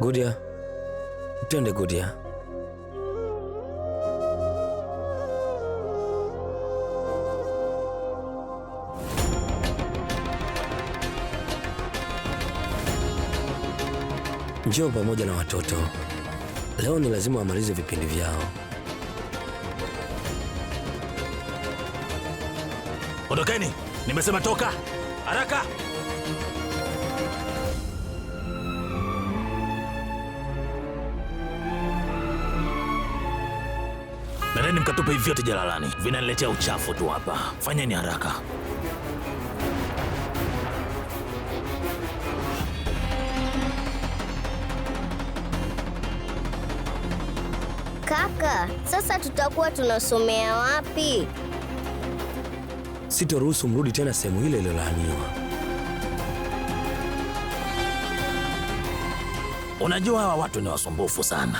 Gudia, twende Gudia. Njoo pamoja na watoto. Leo ni lazima wamalize vipindi vyao. Ondokeni! Nimesema toka haraka! Nendeni mkatupe hivi vyote jalalani, vinaniletea uchafu tu hapa. Fanyeni haraka. Kaka, sasa tutakuwa tunasomea wapi? Sitoruhusu mrudi tena sehemu ile iliyolaaniwa. Unajua hawa watu ni wasumbufu sana.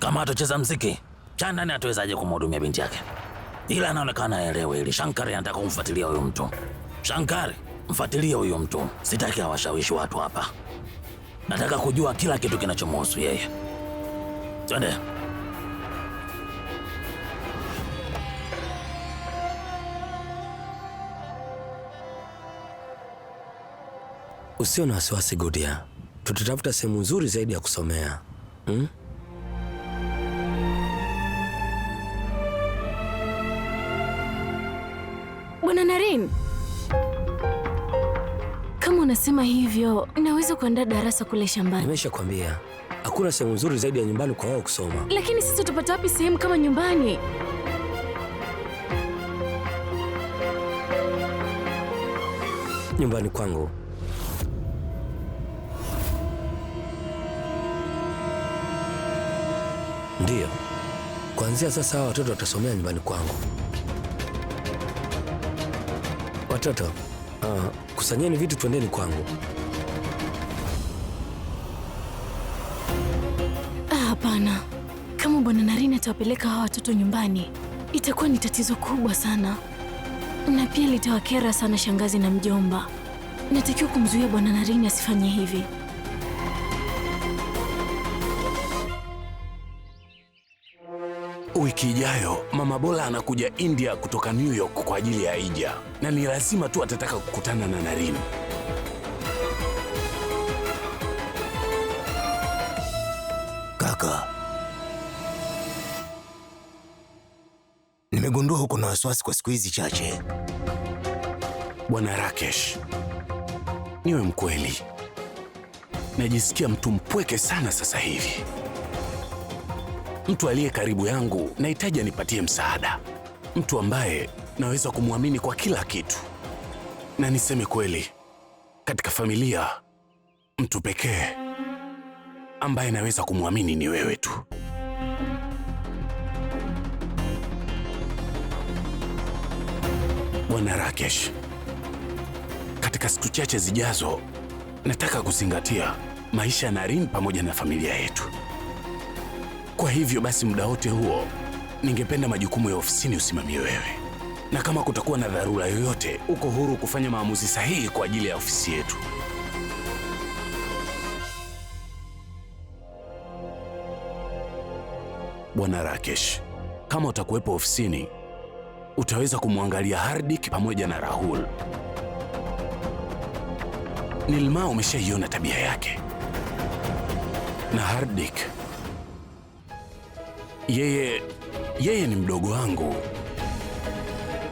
Kama atocheza mziki, Chandani atawezaje kumhudumia binti yake? Ila anaonekana aelewe ili Shankari anataka kumfuatilia huyu mtu. Shankari, mfuatilie huyu mtu, sitaki awashawishi watu hapa. Nataka kujua kila kitu kinachomhusu yeye. Twende. Usio na wasiwasi Gudia, tutatafuta sehemu nzuri zaidi ya kusomea hmm? Jane, kama unasema hivyo, naweza kuandaa darasa kule shambani. Nimeshakwambia hakuna sehemu nzuri zaidi ya nyumbani kwa wao kusoma. Lakini sisi tutapata wapi sehemu kama nyumbani? Nyumbani kwangu ndiyo. Kuanzia sasa, hawa watoto watasomea nyumbani kwangu. Watoto, uh, kusanyeni vitu twendeni kwangu. Ah, hapana, kama bwana Naren atawapeleka hawa watoto nyumbani itakuwa ni tatizo kubwa sana, na pia litawakera sana shangazi na mjomba. Natakiwa kumzuia bwana Naren asifanye hivi. wiki ijayo mama Bola anakuja India kutoka New York kwa ajili ya ija na ni lazima tu atataka kukutana na narin Kaka, nimegundua huko na wasiwasi kwa siku hizi chache. Bwana Rakesh, niwe mkweli, najisikia mtu mpweke sana sasa hivi mtu aliye karibu yangu nahitaji anipatie msaada, mtu ambaye naweza kumwamini kwa kila kitu. Na niseme kweli, katika familia mtu pekee ambaye naweza kumwamini ni wewe tu. Bwana Rakesh, katika siku chache zijazo nataka kuzingatia maisha na Rim pamoja na familia yetu. Kwa hivyo basi, muda wote huo ningependa majukumu ya ofisini usimamie wewe, na kama kutakuwa na dharura yoyote, uko huru kufanya maamuzi sahihi kwa ajili ya ofisi yetu. Bwana Rakesh, kama utakuwepo ofisini, utaweza kumwangalia Hardik pamoja na Rahul. Nilma umeshaiona tabia yake na Hardik yeye yeye ni mdogo wangu.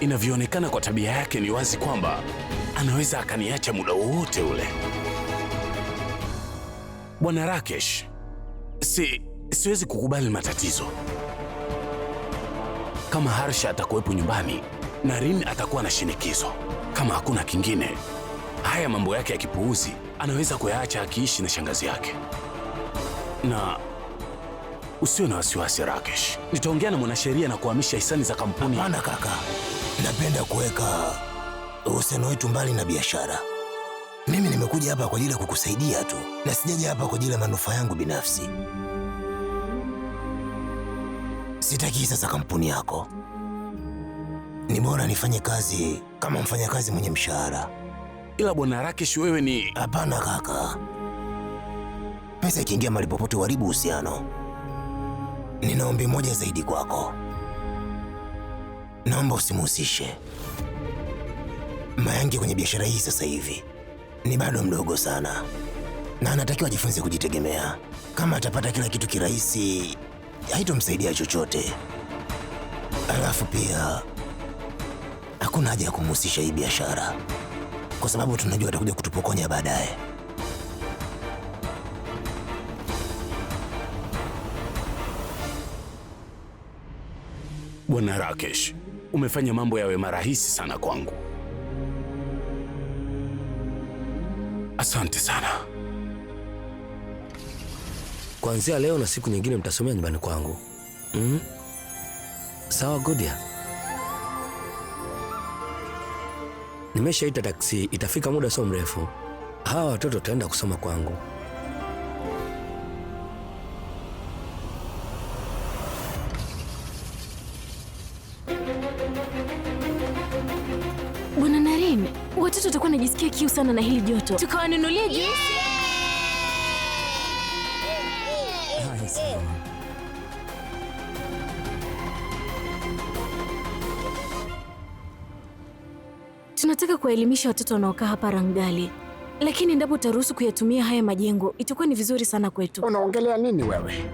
Inavyoonekana kwa tabia yake, ni wazi kwamba anaweza akaniacha muda wowote ule. Bwana Rakesh, si siwezi kukubali matatizo. Kama Harsha atakuwepo nyumbani, narin atakuwa na shinikizo. Kama hakuna kingine, haya mambo yake ya kipuuzi anaweza kuyaacha akiishi na shangazi yake na Usiwe na wasiwasi Rakesh, nitaongea na mwanasheria na kuhamisha hisani za kampuni. Hapana kaka, napenda kuweka uhusiano wetu mbali na biashara. Mimi nimekuja hapa kwa ajili ya kukusaidia tu na sijaja hapa kwa ajili ya manufaa yangu binafsi. Sitaki hisa za kampuni yako, ni bora nifanye kazi kama mfanyakazi mwenye mshahara. Ila bwana Rakesh, wewe ni... Hapana kaka, pesa ikiingia mali popote, uharibu uhusiano Nina ombi moja zaidi kwako, naomba usimuhusishe Mayange kwenye biashara hii. Sasa hivi ni bado mdogo sana, na anatakiwa ajifunze kujitegemea. Kama atapata kila kitu kirahisi, haitomsaidia chochote. Alafu pia hakuna haja ya kumhusisha hii biashara, kwa sababu tunajua atakuja kutupokonya baadaye. Bwana Rakesh, umefanya mambo yawe marahisi sana kwangu. Asante sana. Kuanzia leo na siku nyingine mtasomea nyumbani kwangu. Mm? Sawa Godia. Nimeshaita taksi, itafika muda sio mrefu. Hawa watoto wataenda kusoma kwangu. watoto watakuwa najisikia kiu sana na hili joto, tukawanunulia juisi. Tunataka kuwaelimisha watoto wanaokaa hapa Rangali, lakini endapo utaruhusu kuyatumia haya majengo itakuwa ni vizuri sana kwetu. Unaongelea nini wewe?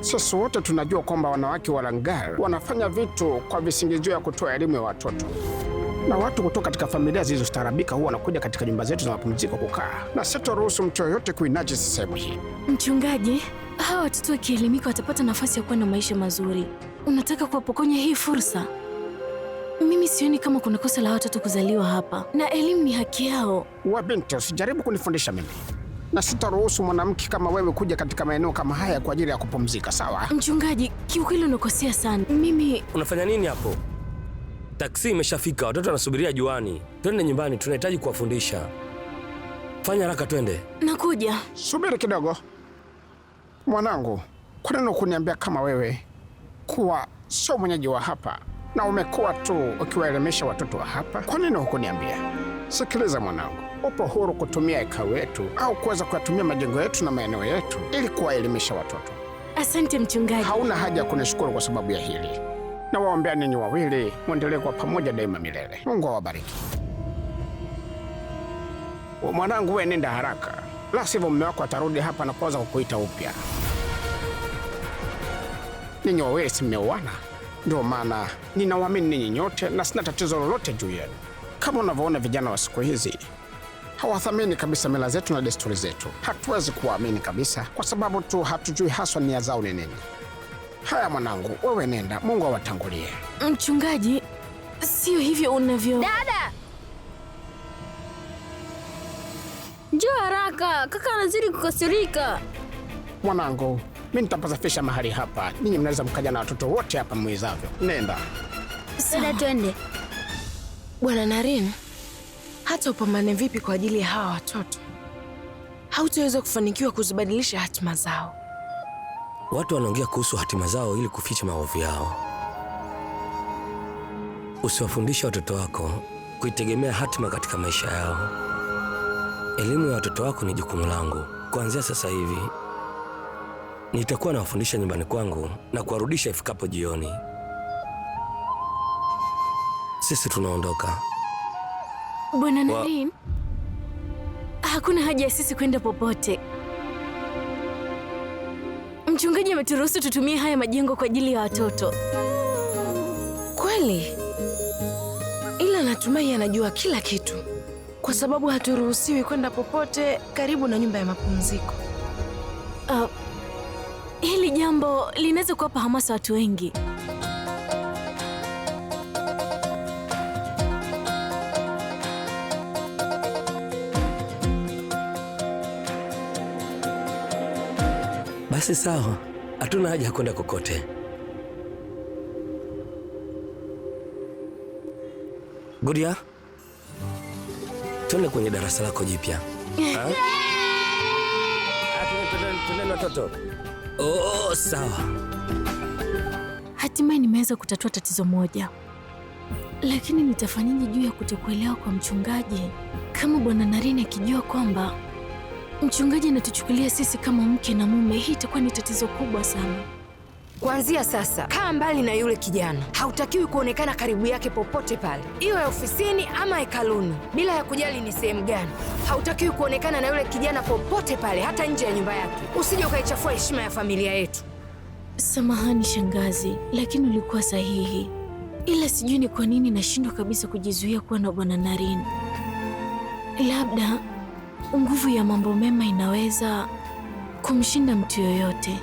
Sisi wote tunajua kwamba wanawake wa Rangal wanafanya vitu kwa visingizio ya kutoa elimu ya watoto na watu kutoka katika familia zilizostaarabika huwa wanakuja katika nyumba zetu za mapumziko kukaa, na sitaruhusu mtu yoyote kuinajisi sehemu hii. Mchungaji, hawa watoto wakielimika watapata nafasi ya kuwa na maisha mazuri. Unataka kuwapokonya hii fursa? Mimi sioni kama kuna kosa la watoto kuzaliwa hapa, na elimu ni haki yao. Wabinti, usijaribu kunifundisha mimi, na sitaruhusu mwanamke kama wewe kuja katika maeneo kama haya kwa ajili ya kupumzika. Sawa mchungaji, kiukweli unakosea sana. Mimi unafanya nini hapo? Taksi imeshafika, watoto wanasubiria juani. Twende nyumbani, tunahitaji kuwafundisha. Fanya haraka, twende. Nakuja. Subiri kidogo, mwanangu. Kwa nini kuniambia kama wewe kuwa sio mwenyeji wa hapa na umekuwa tu ukiwaelimisha watoto wa hapa? Kwa nini hukuniambia? Sikiliza mwanangu, upo huru kutumia eka wetu au kuweza kuyatumia majengo yetu na maeneo yetu ili kuwaelimisha watoto. Asante mchungaji. Hauna haja ya kunishukuru kwa sababu ya hili na waombea ninyi wawili mwendelee kwa pamoja daima milele. Mungu awabariki. Mwanangu, we nenda haraka, la sivyo mume wako atarudi hapa na kuanza kukuita upya. Ninyi wawili si Ndio maana ninawaamini ninyi nyote na sina tatizo lolote juu yenu. Kama unavyoona vijana wa siku hizi hawathamini kabisa mila zetu na desturi zetu. Hatuwezi kuwaamini kabisa, kwa sababu tu hatujui haswa nia zao ni nini. Haya mwanangu, wewe nenda, Mungu awatangulie. Mchungaji, sio hivyo unavyo. Dada, njoo haraka, kaka anazidi kukasirika. Mwanangu, mimi nitapasafisha mahali hapa, ninyi mnaweza mkaja na watoto wote hapa mwezavyo. Nenda dada, twende. Bwana Naren, hata upambane vipi kwa ajili ya hawa watoto, hautaweza kufanikiwa kuzibadilisha hatima zao. Watu wanaongea kuhusu hatima zao ili kuficha maovu yao. Usiwafundishe watoto wako kuitegemea hatima katika maisha yao. Elimu ya watoto wako ni jukumu langu. Kuanzia sasa hivi nitakuwa nawafundisha nyumbani kwangu na kuwarudisha ifikapo jioni. Sisi tunaondoka, Bwana Naren. Hakuna haja ya sisi kwenda popote. Mchungaji ameturuhusu tutumie haya majengo kwa ajili ya watoto. Kweli, ila natumai anajua kila kitu, kwa sababu haturuhusiwi kwenda popote karibu na nyumba ya mapumziko. Uh, hili jambo linaweza kuwapa hamasa watu wengi. Basi sawa, hatuna haja ya kwenda kokote. Gudia, twende kwenye darasa lako jipya. watoto. Oh, oh, sawa. Hatimaye nimeweza kutatua tatizo moja, lakini nitafanyaje juu ya kutokuelewa kwa mchungaji? Kama bwana narini akijua kwamba Mchungaji anatuchukulia sisi kama mke na mume. Hii itakuwa ni tatizo kubwa sana. Kuanzia sasa, kaa mbali na yule kijana. Hautakiwi kuonekana karibu yake popote pale, iwe ofisini ama hekaluni, bila ya kujali ni sehemu gani. Hautakiwi kuonekana na yule kijana popote pale, hata nje ya nyumba yake. Usije ukaichafua heshima ya familia yetu. Samahani shangazi, lakini ulikuwa sahihi, ila sijui ni kwa nini nashindwa kabisa kujizuia kuwa na bwana Naren. Labda Nguvu ya mambo mema inaweza kumshinda mtu yoyote.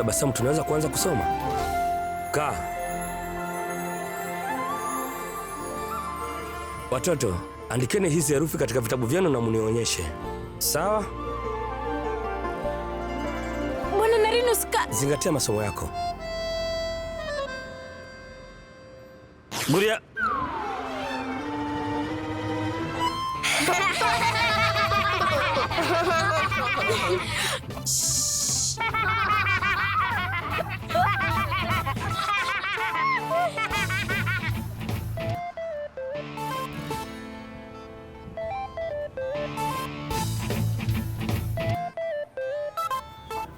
kutabasamu, tunaweza kuanza kusoma. Kaa watoto, andikeni hizi herufi katika vitabu vyenu na munionyeshe, sawa? Bwana Narinus, ka... zingatia masomo yako. Shh.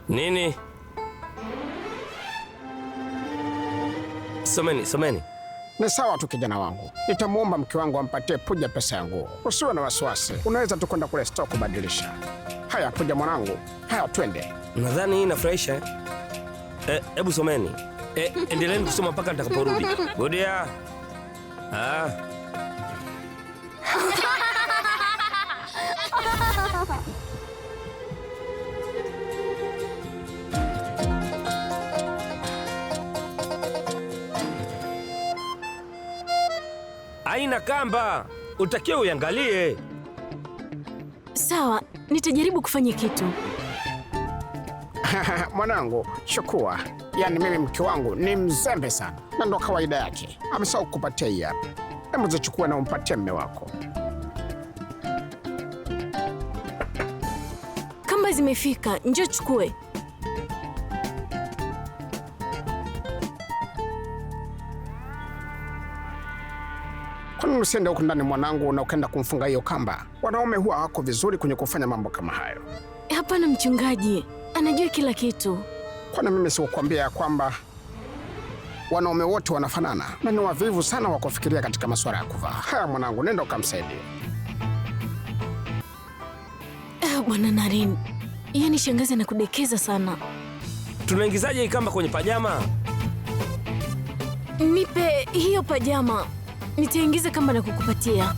Nini? Someni, someni. Ni sawa tu kijana wangu, nitamwomba mke wangu ampatie Puja pesa ya nguo. Usiwe na wasiwasi, unaweza tu kwenda kule store kubadilisha. Haya Puja mwanangu, haya twende. Nadhani hii inafurahisha. Eh? Eh, hebu someni. E, endeleeni kusoma mpaka nitakaporudi. Godia. Ah. Aina kamba utakiwa uyangalie Sawa, nitajaribu kufanya kitu. Mwanangu, chukua. Yaani mimi mke wangu ni mzembe sana, na ndo kawaida yake. Amesahau kupatia hii hapa. Hebu zichukua na umpatie mme wako. Kamba zimefika, njoo chukue. Kwa usiende huko ndani mwanangu, na ukaenda kumfunga hiyo kamba? Wanaume huwa wako vizuri kwenye kufanya mambo kama hayo. Hapana mchungaji anajua kila kitu. Kwani mimi siukuambia ya kwamba wanaume wote wanafanana na ni wavivu sana wa kufikiria katika masuala ya kuvaa? Haya mwanangu, nenda ukamsaidia. Eh, bwana Naren, yani shangazi anakudekeza sana. Tunaingizaje ikamba kwenye pajama? Nipe hiyo pajama, nitaingiza kamba na kukupatia.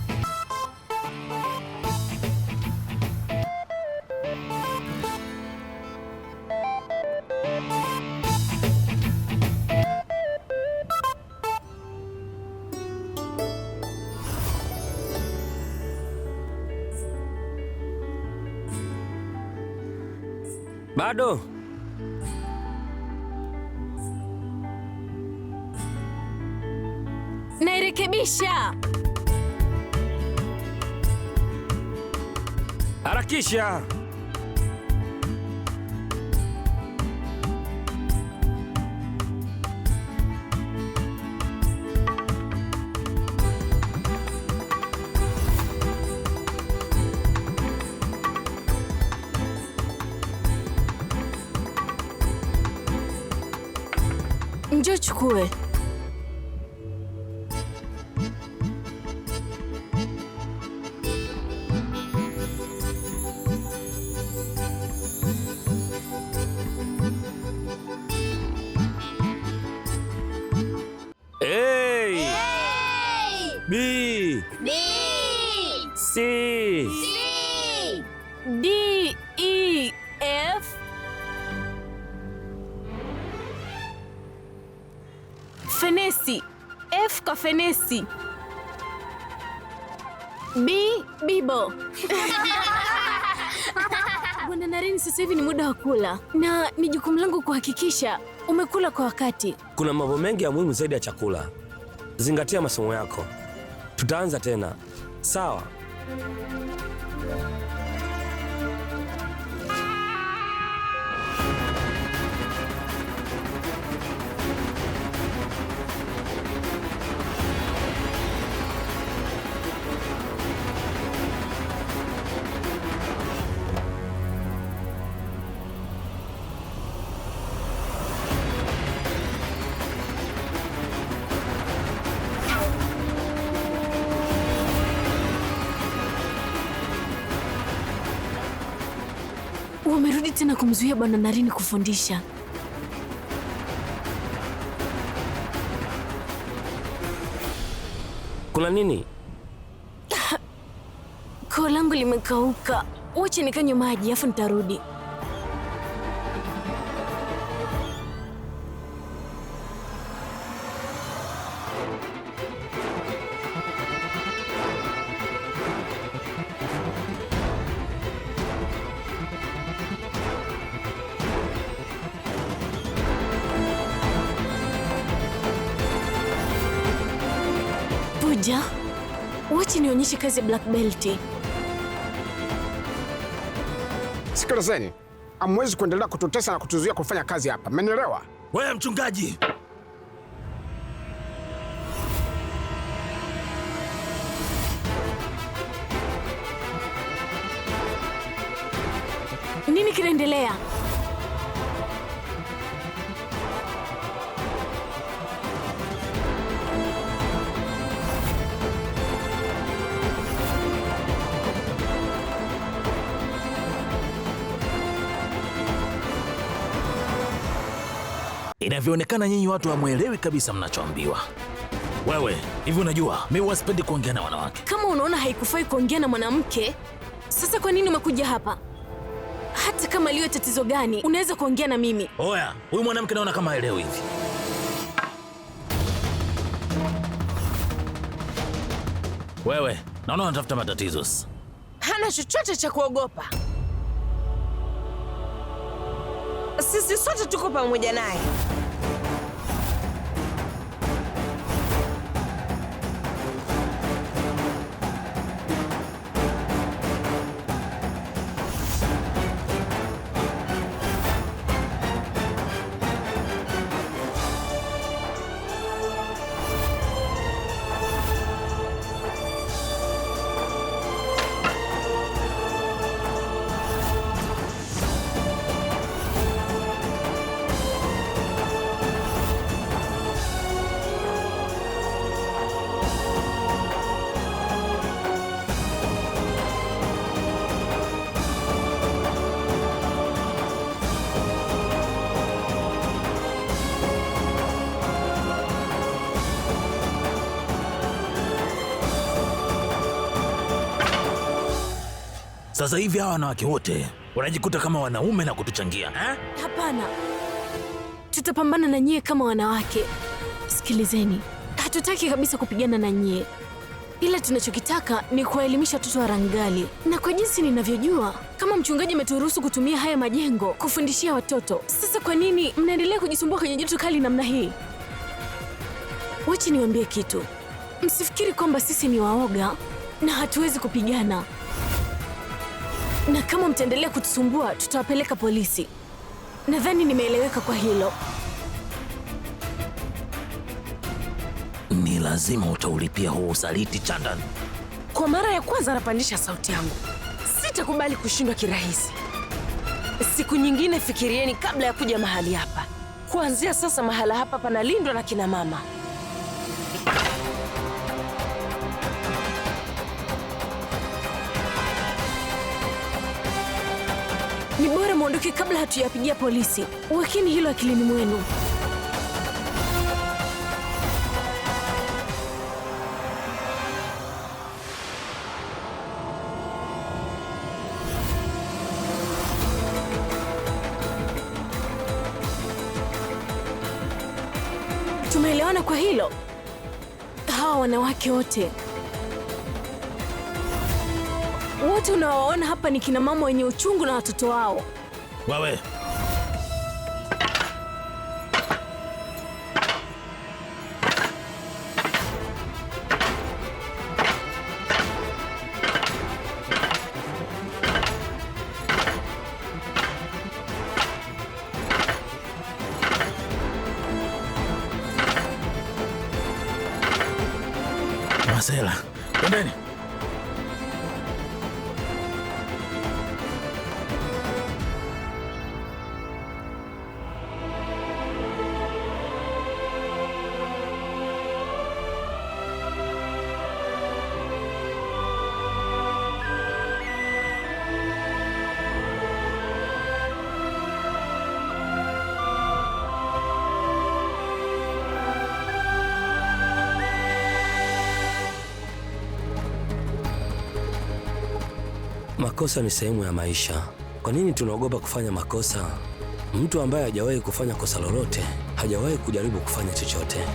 Bado? Nairekebisha. Harakisha. Çıkı kuvve. fenesi. Bi Bibo. Bwana Naren, sasa hivi ni muda wa kula na ni jukumu langu kuhakikisha umekula kwa wakati. Kuna mambo mengi ya muhimu zaidi ya chakula. Zingatia masomo yako. Tutaanza tena. Sawa. Sikusudi tena kumzuia Bwana Narini kufundisha. Kuna nini? Koo langu limekauka, wacha nikanywe maji afu nitarudi. kazi black belt. Sikilizeni, hamwezi kuendelea kututesa na kutuzuia kufanya kazi hapa, mmenielewa? Wewe mchungaji nini kinaendelea? inavyoonekana nyinyi watu hamwelewi kabisa mnachoambiwa. Wewe hivi unajua mi huwasipendi kuongea na wanawake. Kama unaona haikufai kuongea na mwanamke, sasa kwa nini umekuja hapa? Hata kama liwe tatizo gani, unaweza kuongea na mimi. Oya, huyu mwanamke naona kama haelewi hivi. Wewe naona unatafuta matatizo. Hana chochote cha kuogopa, sisi sote tuko pamoja naye. Sasa hivi hawa wanawake wote wanajikuta kama wanaume na kutuchangia eh? Hapana, tutapambana na nyie kama wanawake. Sikilizeni, hatutaki kabisa kupigana na nyie, ila tunachokitaka ni kuwaelimisha watoto wa Rangali, na kwa jinsi ninavyojua, kama mchungaji ameturuhusu kutumia haya majengo kufundishia watoto, sasa kwa nini mnaendelea kujisumbua kwenye joto kali namna hii? Wacha niwaambie kitu, msifikiri kwamba sisi ni waoga na hatuwezi kupigana na kama mtaendelea kutusumbua tutawapeleka polisi. Nadhani nimeeleweka kwa hilo. Ni lazima utaulipia huo usaliti, Chandan. Kwa mara ya kwanza napandisha sauti yangu, sitakubali kushindwa kirahisi. Siku nyingine fikirieni kabla ya kuja mahali hapa. Kuanzia sasa, mahala hapa panalindwa na kina mama. Ni bora mwondoke kabla hatujapigia polisi. Wakini hilo akilini mwenu. Tumeelewana kwa hilo? Hawa wanawake wote Wote unawaona hapa ni kina mama wenye uchungu na watoto wao. Wewe makosa ni sehemu ya maisha. Kwa nini tunaogopa kufanya makosa? Mtu ambaye hajawahi kufanya kosa lolote hajawahi kujaribu kufanya chochote.